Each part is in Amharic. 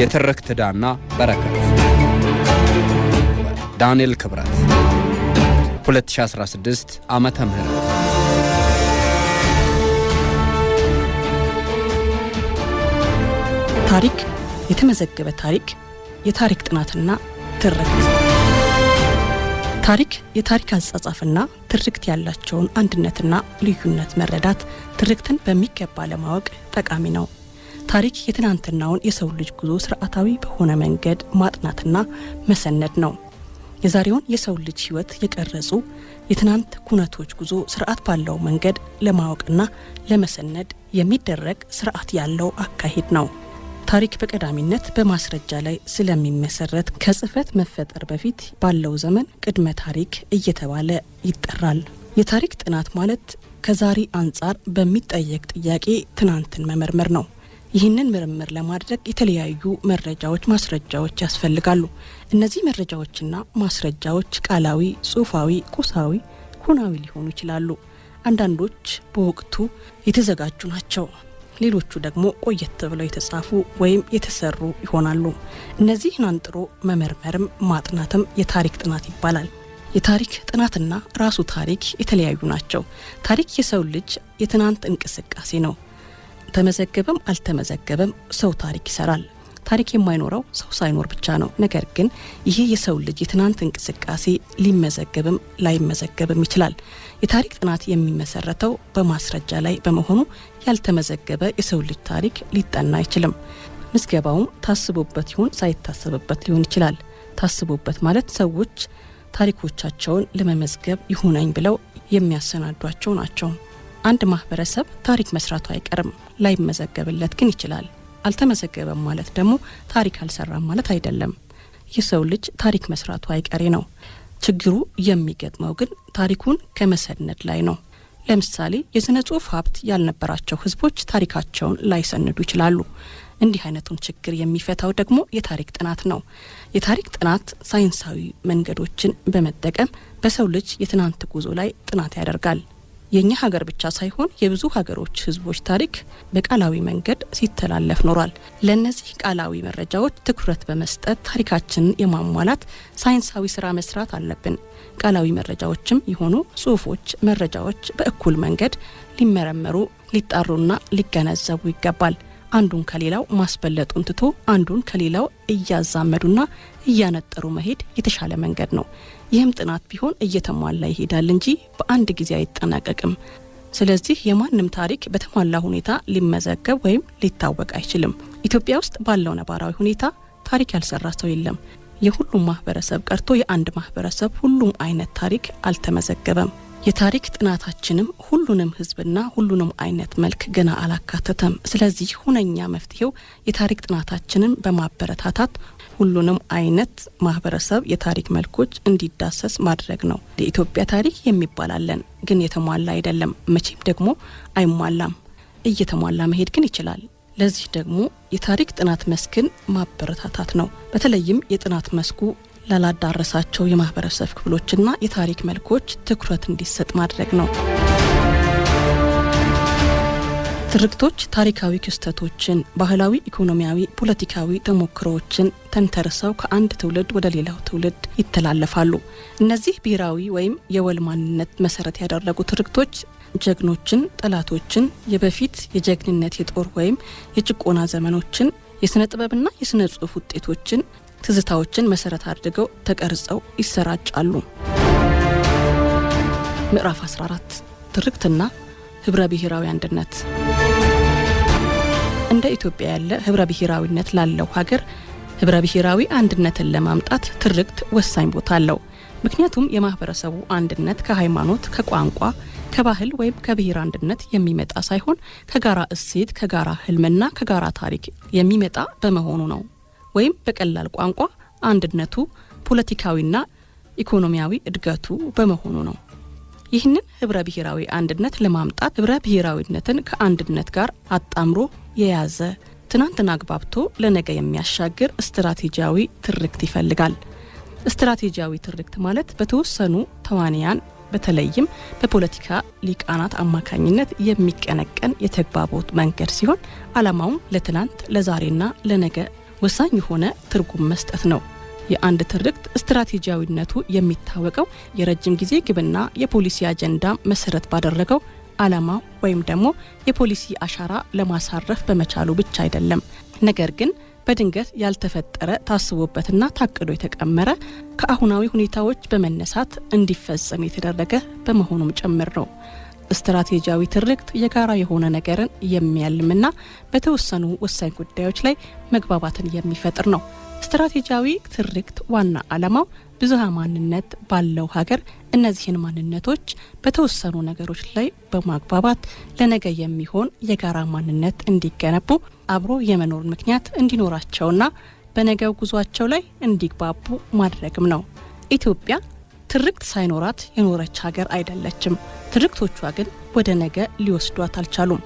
የትርክት ዕዳና በረከት ዳንኤል ክብረት 2016 ዓመተ ምህረት ታሪክ የተመዘገበ ታሪክ የታሪክ ጥናትና ትርክት ታሪክ የታሪክ አጻጻፍና ትርክት ያላቸውን አንድነትና ልዩነት መረዳት ትርክትን በሚገባ ለማወቅ ጠቃሚ ነው ታሪክ የትናንትናውን የሰው ልጅ ጉዞ ስርዓታዊ በሆነ መንገድ ማጥናትና መሰነድ ነው። የዛሬውን የሰው ልጅ ህይወት የቀረጹ የትናንት ኩነቶች ጉዞ ስርዓት ባለው መንገድ ለማወቅና ለመሰነድ የሚደረግ ስርዓት ያለው አካሄድ ነው። ታሪክ በቀዳሚነት በማስረጃ ላይ ስለሚመሰረት ከጽህፈት መፈጠር በፊት ባለው ዘመን ቅድመ ታሪክ እየተባለ ይጠራል። የታሪክ ጥናት ማለት ከዛሬ አንጻር በሚጠየቅ ጥያቄ ትናንትን መመርመር ነው። ይህንን ምርምር ለማድረግ የተለያዩ መረጃዎች፣ ማስረጃዎች ያስፈልጋሉ። እነዚህ መረጃዎችና ማስረጃዎች ቃላዊ፣ ጽሁፋዊ፣ ቁሳዊ፣ ሁናዊ ሊሆኑ ይችላሉ። አንዳንዶች በወቅቱ የተዘጋጁ ናቸው። ሌሎቹ ደግሞ ቆየት ብለው የተጻፉ ወይም የተሰሩ ይሆናሉ። እነዚህን አንጥሮ መመርመርም ማጥናትም የታሪክ ጥናት ይባላል። የታሪክ ጥናትና ራሱ ታሪክ የተለያዩ ናቸው። ታሪክ የሰው ልጅ የትናንት እንቅስቃሴ ነው። ተመዘገበም አልተመዘገበም ሰው ታሪክ ይሰራል። ታሪክ የማይኖረው ሰው ሳይኖር ብቻ ነው። ነገር ግን ይሄ የሰው ልጅ የትናንት እንቅስቃሴ ሊመዘገብም ላይመዘገብም ይችላል። የታሪክ ጥናት የሚመሰረተው በማስረጃ ላይ በመሆኑ ያልተመዘገበ የሰው ልጅ ታሪክ ሊጠና አይችልም። ምዝገባውም ታስቦበት ይሁን ሳይታሰብበት ሊሆን ይችላል። ታስቦበት ማለት ሰዎች ታሪኮቻቸውን ለመመዝገብ ይሁነኝ ብለው የሚያሰናዷቸው ናቸው። አንድ ማህበረሰብ ታሪክ መስራቱ አይቀርም። ላይመዘገብለት ግን ይችላል። አልተመዘገበም ማለት ደግሞ ታሪክ አልሰራም ማለት አይደለም። የሰው ልጅ ታሪክ መስራቱ አይቀሬ ነው። ችግሩ የሚገጥመው ግን ታሪኩን ከመሰነድ ላይ ነው። ለምሳሌ የስነ ጽሁፍ ሀብት ያልነበራቸው ህዝቦች ታሪካቸውን ላይሰንዱ ይችላሉ። እንዲህ አይነቱን ችግር የሚፈታው ደግሞ የታሪክ ጥናት ነው። የታሪክ ጥናት ሳይንሳዊ መንገዶችን በመጠቀም በሰው ልጅ የትናንት ጉዞ ላይ ጥናት ያደርጋል። የእኛ ሀገር ብቻ ሳይሆን የብዙ ሀገሮች ህዝቦች ታሪክ በቃላዊ መንገድ ሲተላለፍ ኖሯል። ለእነዚህ ቃላዊ መረጃዎች ትኩረት በመስጠት ታሪካችንን የማሟላት ሳይንሳዊ ስራ መስራት አለብን። ቃላዊ መረጃዎችም የሆኑ ጽሁፎች፣ መረጃዎች በእኩል መንገድ ሊመረመሩ፣ ሊጣሩና ሊገነዘቡ ይገባል። አንዱን ከሌላው ማስበለጡን ትቶ አንዱን ከሌላው እያዛመዱና እያነጠሩ መሄድ የተሻለ መንገድ ነው። ይህም ጥናት ቢሆን እየተሟላ ይሄዳል እንጂ በአንድ ጊዜ አይጠናቀቅም። ስለዚህ የማንም ታሪክ በተሟላ ሁኔታ ሊመዘገብ ወይም ሊታወቅ አይችልም። ኢትዮጵያ ውስጥ ባለው ነባራዊ ሁኔታ ታሪክ ያልሰራ ሰው የለም። የሁሉም ማህበረሰብ ቀርቶ የአንድ ማህበረሰብ ሁሉም አይነት ታሪክ አልተመዘገበም። የታሪክ ጥናታችንም ሁሉንም ህዝብና ሁሉንም አይነት መልክ ገና አላካተተም። ስለዚህ ሁነኛ መፍትሄው የታሪክ ጥናታችንን በማበረታታት ሁሉንም አይነት ማህበረሰብ የታሪክ መልኮች እንዲዳሰስ ማድረግ ነው። የኢትዮጵያ ታሪክ የሚባላለን ግን የተሟላ አይደለም፣ መቼም ደግሞ አይሟላም። እየተሟላ መሄድ ግን ይችላል። ለዚህ ደግሞ የታሪክ ጥናት መስክን ማበረታታት ነው። በተለይም የጥናት መስኩ ላላዳረሳቸው የማህበረሰብ ክፍሎችና የታሪክ መልኮች ትኩረት እንዲሰጥ ማድረግ ነው። ትርክቶች ታሪካዊ ክስተቶችን፣ ባህላዊ፣ ኢኮኖሚያዊ፣ ፖለቲካዊ ተሞክሮዎችን ተንተርሰው ከአንድ ትውልድ ወደ ሌላው ትውልድ ይተላለፋሉ። እነዚህ ብሔራዊ ወይም የወል ማንነት መሰረት ያደረጉ ትርክቶች ጀግኖችን፣ ጠላቶችን፣ የበፊት የጀግንነት የጦር ወይም የጭቆና ዘመኖችን፣ የሥነ ጥበብና የሥነ ጽሑፍ ውጤቶችን፣ ትዝታዎችን መሰረት አድርገው ተቀርጸው ይሰራጫሉ። ምዕራፍ 14 ትርክትና ህብረ ብሔራዊ አንድነት እንደ ኢትዮጵያ ያለ ህብረ ብሔራዊነት ላለው ሀገር ህብረ ብሔራዊ አንድነትን ለማምጣት ትርክት ወሳኝ ቦታ አለው። ምክንያቱም የማህበረሰቡ አንድነት ከሃይማኖት፣ ከቋንቋ፣ ከባህል ወይም ከብሔር አንድነት የሚመጣ ሳይሆን ከጋራ እሴት፣ ከጋራ ህልምና ከጋራ ታሪክ የሚመጣ በመሆኑ ነው። ወይም በቀላል ቋንቋ አንድነቱ ፖለቲካዊና ኢኮኖሚያዊ እድገቱ በመሆኑ ነው። ይህንን ህብረ ብሔራዊ አንድነት ለማምጣት ህብረ ብሔራዊነትን ከአንድነት ጋር አጣምሮ የያዘ ትናንትን አግባብቶ ለነገ የሚያሻግር ስትራቴጂያዊ ትርክት ይፈልጋል። ስትራቴጂያዊ ትርክት ማለት በተወሰኑ ተዋንያን በተለይም በፖለቲካ ሊቃናት አማካኝነት የሚቀነቀን የተግባቦት መንገድ ሲሆን ዓላማውም ለትናንት ለዛሬና ለነገ ወሳኝ የሆነ ትርጉም መስጠት ነው። የአንድ ትርክት ስትራቴጂያዊነቱ የሚታወቀው የረጅም ጊዜ ግብና የፖሊሲ አጀንዳ መሰረት ባደረገው ዓላማው ወይም ደግሞ የፖሊሲ አሻራ ለማሳረፍ በመቻሉ ብቻ አይደለም። ነገር ግን በድንገት ያልተፈጠረ ታስቦበትና ታቅዶ የተቀመረ ከአሁናዊ ሁኔታዎች በመነሳት እንዲፈጸም የተደረገ በመሆኑም ጭምር ነው። ስትራቴጂያዊ ትርክት የጋራ የሆነ ነገርን የሚያልምና በተወሰኑ ወሳኝ ጉዳዮች ላይ መግባባትን የሚፈጥር ነው። ስትራቴጂያዊ ትርክት ዋና ዓላማው ብዙሃ ማንነት ባለው ሀገር እነዚህን ማንነቶች በተወሰኑ ነገሮች ላይ በማግባባት ለነገ የሚሆን የጋራ ማንነት እንዲገነቡ አብሮ የመኖር ምክንያት እንዲኖራቸውና በነገው ጉዟቸው ላይ እንዲግባቡ ማድረግም ነው። ኢትዮጵያ ትርክት ሳይኖራት የኖረች ሀገር አይደለችም። ትርክቶቿ ግን ወደ ነገ ሊወስዷት አልቻሉም።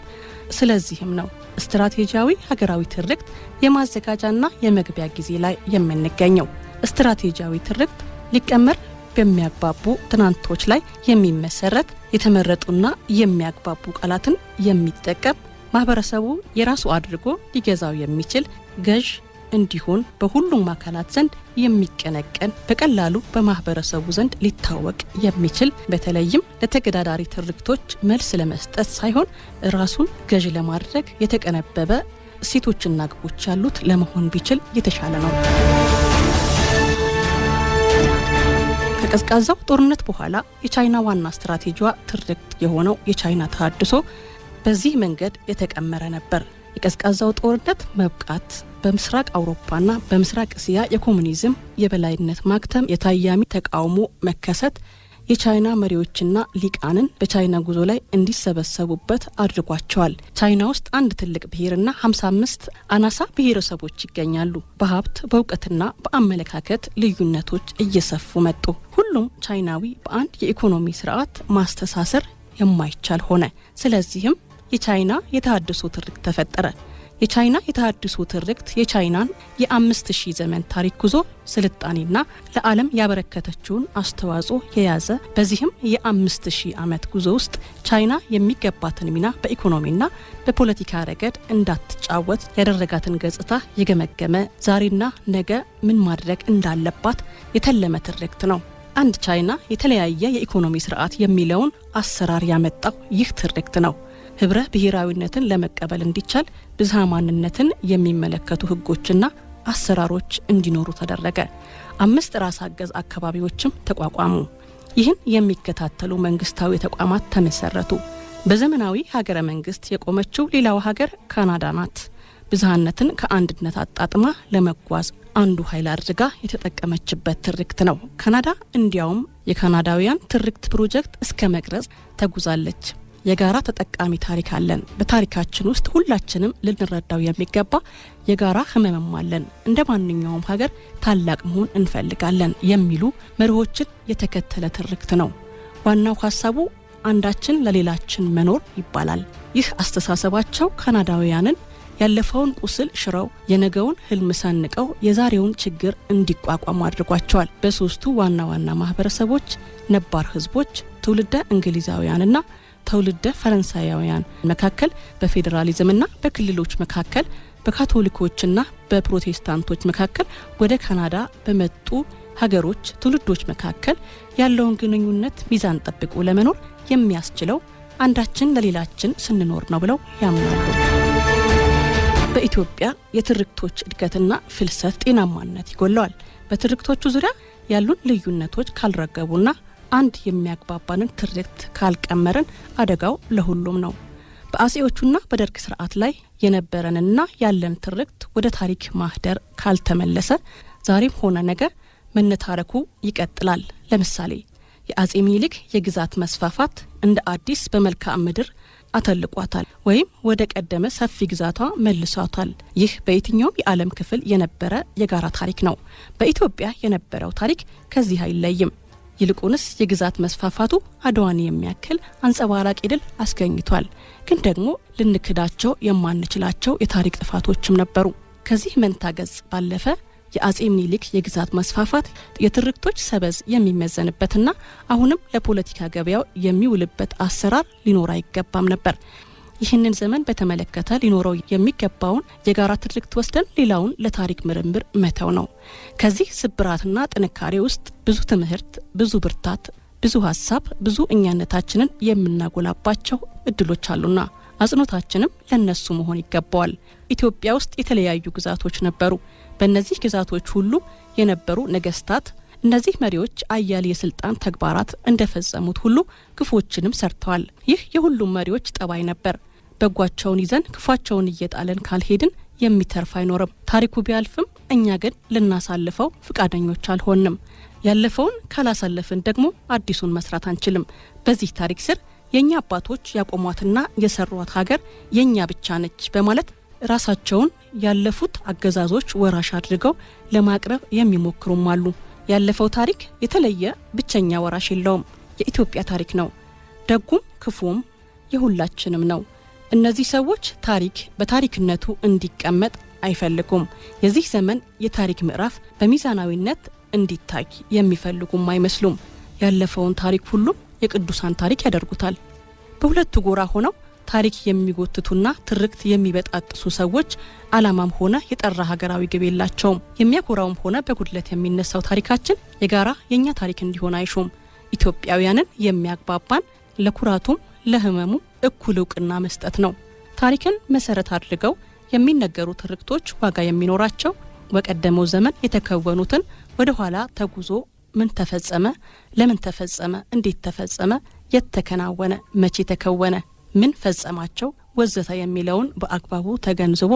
ስለዚህም ነው ስትራቴጂያዊ ሀገራዊ ትርክት የማዘጋጃና የመግቢያ ጊዜ ላይ የምንገኘው። ስትራቴጂያዊ ትርክት ሊቀመር በሚያግባቡ ትናንቶች ላይ የሚመሰረት የተመረጡና የሚያግባቡ ቃላትን የሚጠቀም ማህበረሰቡ የራሱ አድርጎ ሊገዛው የሚችል ገዥ እንዲሆን በሁሉም አካላት ዘንድ የሚቀነቀን በቀላሉ በማህበረሰቡ ዘንድ ሊታወቅ የሚችል በተለይም ለተገዳዳሪ ትርክቶች መልስ ለመስጠት ሳይሆን ራሱን ገዥ ለማድረግ የተቀነበበ እሴቶችና ግቦች ያሉት ለመሆን ቢችል የተሻለ ነው። ከቀዝቃዛው ጦርነት በኋላ የቻይና ዋና ስትራቴጂዋ ትርክት የሆነው የቻይና ተሃድሶ በዚህ መንገድ የተቀመረ ነበር። የቀዝቃዛው ጦርነት መብቃት በምስራቅ አውሮፓና በምስራቅ እስያ የኮሙኒዝም የበላይነት ማክተም፣ የታያሚ ተቃውሞ መከሰት የቻይና መሪዎችና ሊቃንን በቻይና ጉዞ ላይ እንዲሰበሰቡበት አድርጓቸዋል። ቻይና ውስጥ አንድ ትልቅ ብሔርና ሀምሳ አምስት አናሳ ብሔረሰቦች ይገኛሉ። በሀብት በእውቀትና በአመለካከት ልዩነቶች እየሰፉ መጡ። ሁሉም ቻይናዊ በአንድ የኢኮኖሚ ስርዓት ማስተሳሰር የማይቻል ሆነ። ስለዚህም የቻይና የተሃድሶ ትርክ ተፈጠረ። የቻይና የተሃድሶ ትርክት የቻይናን የአምስት ሺህ ዘመን ታሪክ ጉዞ ስልጣኔና ለዓለም ያበረከተችውን አስተዋጽኦ የያዘ በዚህም የአምስት ሺህ ዓመት ጉዞ ውስጥ ቻይና የሚገባትን ሚና በኢኮኖሚና በፖለቲካ ረገድ እንዳትጫወት ያደረጋትን ገጽታ የገመገመ ዛሬና ነገ ምን ማድረግ እንዳለባት የተለመ ትርክት ነው። አንድ ቻይና የተለያየ የኢኮኖሚ ስርዓት የሚለውን አሰራር ያመጣው ይህ ትርክት ነው። ህብረ ብሔራዊነትን ለመቀበል እንዲቻል ብዝሃ ማንነትን የሚመለከቱ ህጎችና አሰራሮች እንዲኖሩ ተደረገ። አምስት ራስ አገዝ አካባቢዎችም ተቋቋሙ። ይህን የሚከታተሉ መንግስታዊ ተቋማት ተመሰረቱ። በዘመናዊ ሀገረ መንግስት የቆመችው ሌላው ሀገር ካናዳ ናት። ብዝሃነትን ከአንድነት አጣጥማ ለመጓዝ አንዱ ኃይል አድርጋ የተጠቀመችበት ትርክት ነው። ካናዳ እንዲያውም የካናዳውያን ትርክት ፕሮጀክት እስከ መቅረጽ ተጉዛለች። የጋራ ተጠቃሚ ታሪክ አለን። በታሪካችን ውስጥ ሁላችንም ልንረዳው የሚገባ የጋራ ህመምም አለን። እንደ ማንኛውም ሀገር ታላቅ መሆን እንፈልጋለን የሚሉ መርሆችን የተከተለ ትርክት ነው። ዋናው ሀሳቡ አንዳችን ለሌላችን መኖር ይባላል። ይህ አስተሳሰባቸው ካናዳውያንን ያለፈውን ቁስል ሽረው የነገውን ህልም ሰንቀው የዛሬውን ችግር እንዲቋቋሙ አድርጓቸዋል። በሶስቱ ዋና ዋና ማህበረሰቦች ነባር ህዝቦች ትውልደ እንግሊዛውያንና ትውልደ ፈረንሳያውያን መካከል በፌዴራሊዝምና በክልሎች መካከል በካቶሊኮችና በፕሮቴስታንቶች መካከል ወደ ካናዳ በመጡ ሀገሮች ትውልዶች መካከል ያለውን ግንኙነት ሚዛን ጠብቆ ለመኖር የሚያስችለው አንዳችን ለሌላችን ስንኖር ነው ብለው ያምናሉ። በኢትዮጵያ የትርክቶች እድገትና ፍልሰት ጤናማነት ይጎለዋል። በትርክቶቹ ዙሪያ ያሉን ልዩነቶች ካልረገቡና አንድ የሚያግባባንን ትርክት ካልቀመርን አደጋው ለሁሉም ነው። በአጼዎቹና በደርግ ስርዓት ላይ የነበረንና ያለን ትርክት ወደ ታሪክ ማህደር ካልተመለሰ ዛሬም ሆነ ነገ መነታረኩ ይቀጥላል። ለምሳሌ የአጼ ሚኒሊክ የግዛት መስፋፋት እንደ አዲስ በመልክዓ ምድር አተልቋታል ወይም ወደ ቀደመ ሰፊ ግዛቷ መልሷታል። ይህ በየትኛውም የዓለም ክፍል የነበረ የጋራ ታሪክ ነው። በኢትዮጵያ የነበረው ታሪክ ከዚህ አይለይም። ይልቁንስ የግዛት መስፋፋቱ አድዋን የሚያክል አንጸባራቂ ድል አስገኝቷል። ግን ደግሞ ልንክዳቸው የማንችላቸው የታሪክ ጥፋቶችም ነበሩ። ከዚህ መንታ ገጽ ባለፈ የአጼ ምኒልክ የግዛት መስፋፋት የትርክቶች ሰበዝ የሚመዘንበትና አሁንም ለፖለቲካ ገበያው የሚውልበት አሰራር ሊኖር አይገባም ነበር። ይህንን ዘመን በተመለከተ ሊኖረው የሚገባውን የጋራ ትልክት ወስደን ሌላውን ለታሪክ ምርምር መተው ነው። ከዚህ ስብራትና ጥንካሬ ውስጥ ብዙ ትምህርት፣ ብዙ ብርታት፣ ብዙ ሀሳብ፣ ብዙ እኛነታችንን የምናጎላባቸው እድሎች አሉና አጽንኦታችንም ለእነሱ መሆን ይገባዋል። ኢትዮጵያ ውስጥ የተለያዩ ግዛቶች ነበሩ። በእነዚህ ግዛቶች ሁሉ የነበሩ ነገስታት እነዚህ መሪዎች አያሌ የስልጣን ተግባራት እንደፈጸሙት ሁሉ ግፎችንም ሰርተዋል። ይህ የሁሉም መሪዎች ጠባይ ነበር። በጓቸውን ይዘን ክፋቸውን እየጣለን ካልሄድን የሚተርፍ አይኖርም። ታሪኩ ቢያልፍም እኛ ግን ልናሳልፈው ፍቃደኞች አልሆንም። ያለፈውን ካላሳለፍን ደግሞ አዲሱን መስራት አንችልም። በዚህ ታሪክ ስር የእኛ አባቶች ያቆሟትና የሰሯት ሀገር የእኛ ብቻ ነች በማለት ራሳቸውን ያለፉት አገዛዞች ወራሽ አድርገው ለማቅረብ የሚሞክሩም አሉ። ያለፈው ታሪክ የተለየ ብቸኛ ወራሽ የለውም። የኢትዮጵያ ታሪክ ነው። ደጉም ክፉም የሁላችንም ነው። እነዚህ ሰዎች ታሪክ በታሪክነቱ እንዲቀመጥ አይፈልጉም። የዚህ ዘመን የታሪክ ምዕራፍ በሚዛናዊነት እንዲታይ የሚፈልጉም አይመስሉም። ያለፈውን ታሪክ ሁሉም የቅዱሳን ታሪክ ያደርጉታል። በሁለቱ ጎራ ሆነው ታሪክ የሚጎትቱና ትርክት የሚበጣጥሱ ሰዎች ዓላማም ሆነ የጠራ ሀገራዊ ግብ የላቸውም። የሚያኮራውም ሆነ በጉድለት የሚነሳው ታሪካችን የጋራ የእኛ ታሪክ እንዲሆን አይሹም። ኢትዮጵያውያንን የሚያግባባን ለኩራቱም ለህመሙ እኩል እውቅና መስጠት ነው። ታሪክን መሰረት አድርገው የሚነገሩ ትርክቶች ዋጋ የሚኖራቸው በቀደመው ዘመን የተከወኑትን ወደ ኋላ ተጉዞ ምን ተፈጸመ፣ ለምን ተፈጸመ፣ እንዴት ተፈጸመ፣ የት ተከናወነ፣ መቼ ተከወነ፣ ምን ፈጸማቸው ወዘተ የሚለውን በአግባቡ ተገንዝቦ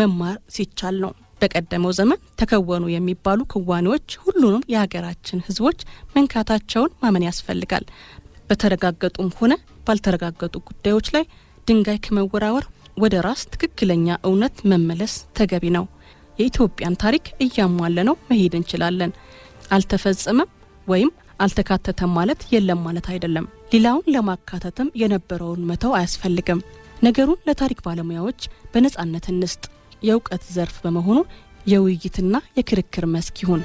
መማር ሲቻል ነው። በቀደመው ዘመን ተከወኑ የሚባሉ ክዋኔዎች ሁሉንም የሀገራችን ህዝቦች መንካታቸውን ማመን ያስፈልጋል። በተረጋገጡም ሆነ ባልተረጋገጡ ጉዳዮች ላይ ድንጋይ ከመወራወር ወደ ራስ ትክክለኛ እውነት መመለስ ተገቢ ነው። የኢትዮጵያን ታሪክ እያሟለ ነው መሄድ እንችላለን። አልተፈጸመም ወይም አልተካተተም ማለት የለም ማለት አይደለም። ሌላውን ለማካተትም የነበረውን መተው አያስፈልግም። ነገሩን ለታሪክ ባለሙያዎች በነጻነት እንስጥ። የእውቀት ዘርፍ በመሆኑ የውይይትና የክርክር መስክ ይሁን።